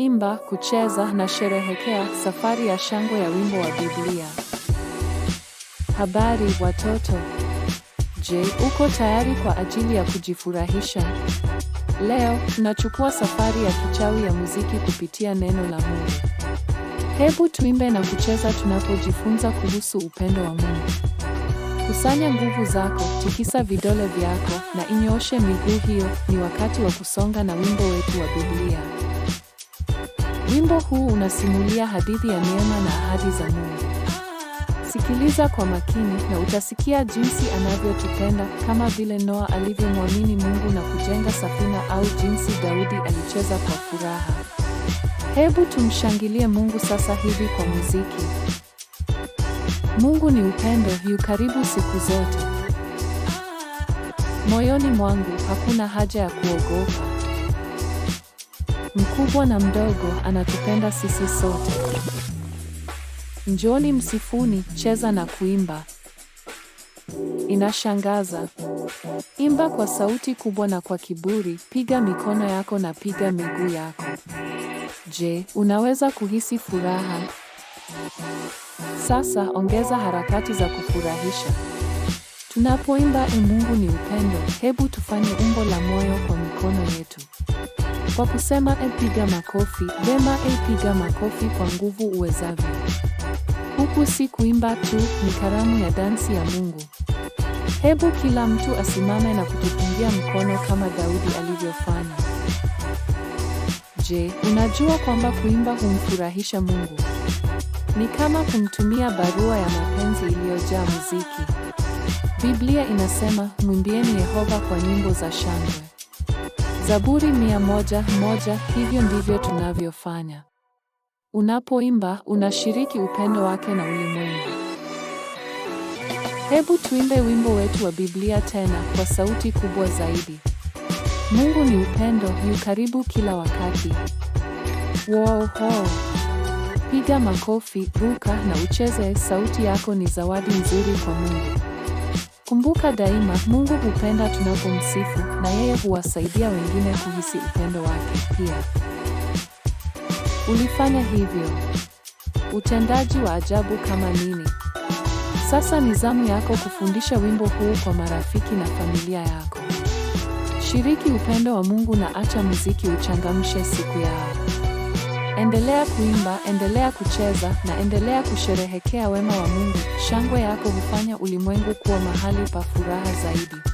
Imba, kucheza na sherehekea safari ya shangwe ya wimbo wa Biblia. Habari watoto. Je, uko tayari kwa ajili ya kujifurahisha? Leo tunachukua safari ya kichawi ya muziki kupitia neno la Mungu. Hebu tuimbe na kucheza tunapojifunza kuhusu upendo wa Mungu. Kusanya nguvu zako, tikisa vidole vyako na inyooshe miguu hiyo. Ni wakati wa kusonga na wimbo wetu wa Biblia. Wimbo huu unasimulia hadithi ya neema na ahadi za Mungu. Sikiliza kwa makini na utasikia jinsi anavyotupenda kama vile Noa alivyomwamini Mungu na kujenga safina au jinsi Daudi alicheza kwa furaha. Hebu tumshangilie Mungu sasa hivi kwa muziki. Mungu ni upendo, yu karibu siku zote. Moyoni mwangu hakuna haja ya kuogopa mkubwa na mdogo anatupenda sisi sote. njoni msifuni, cheza na kuimba. Inashangaza. Imba kwa sauti kubwa na kwa kiburi, piga mikono yako na piga miguu yako. Je, unaweza kuhisi furaha? Sasa ongeza harakati za kufurahisha. Tunapoimba, e Mungu ni upendo, hebu tufanye umbo la moyo kwa mikono yetu kwa kusema epiga makofi, Bemba epiga makofi kwa nguvu uwezavyo. Huku si kuimba tu, ni karamu ya dansi ya Mungu. Hebu kila mtu asimame na kutupungia mkono kama Daudi alivyofanya. Je, unajua kwamba kuimba humfurahisha Mungu? Ni kama kumtumia barua ya mapenzi iliyojaa muziki. Biblia inasema, mwimbieni Yehova kwa nyimbo za shangwe. Zaburi mia moja moja. Hivyo ndivyo tunavyofanya. Unapoimba unashiriki upendo wake na ulimwengu. Hebu tuimbe wimbo wetu wa Biblia tena kwa sauti kubwa zaidi. Mungu ni upendo, yu karibu kila wakati. Wow, wow. Piga makofi, ruka na ucheze, sauti yako ni zawadi nzuri kwa Mungu. Kumbuka daima, Mungu hupenda tunapomsifu na yeye huwasaidia wengine kuhisi upendo wake pia. Ulifanya hivyo. Utendaji wa ajabu kama nini! Sasa ni zamu yako kufundisha wimbo huu kwa marafiki na familia yako. Shiriki upendo wa Mungu na acha muziki uchangamshe siku yao. Endelea kuimba, endelea kucheza na endelea kusherehekea wema wa Mungu. Shangwe yako hufanya ulimwengu kuwa mahali pa furaha zaidi.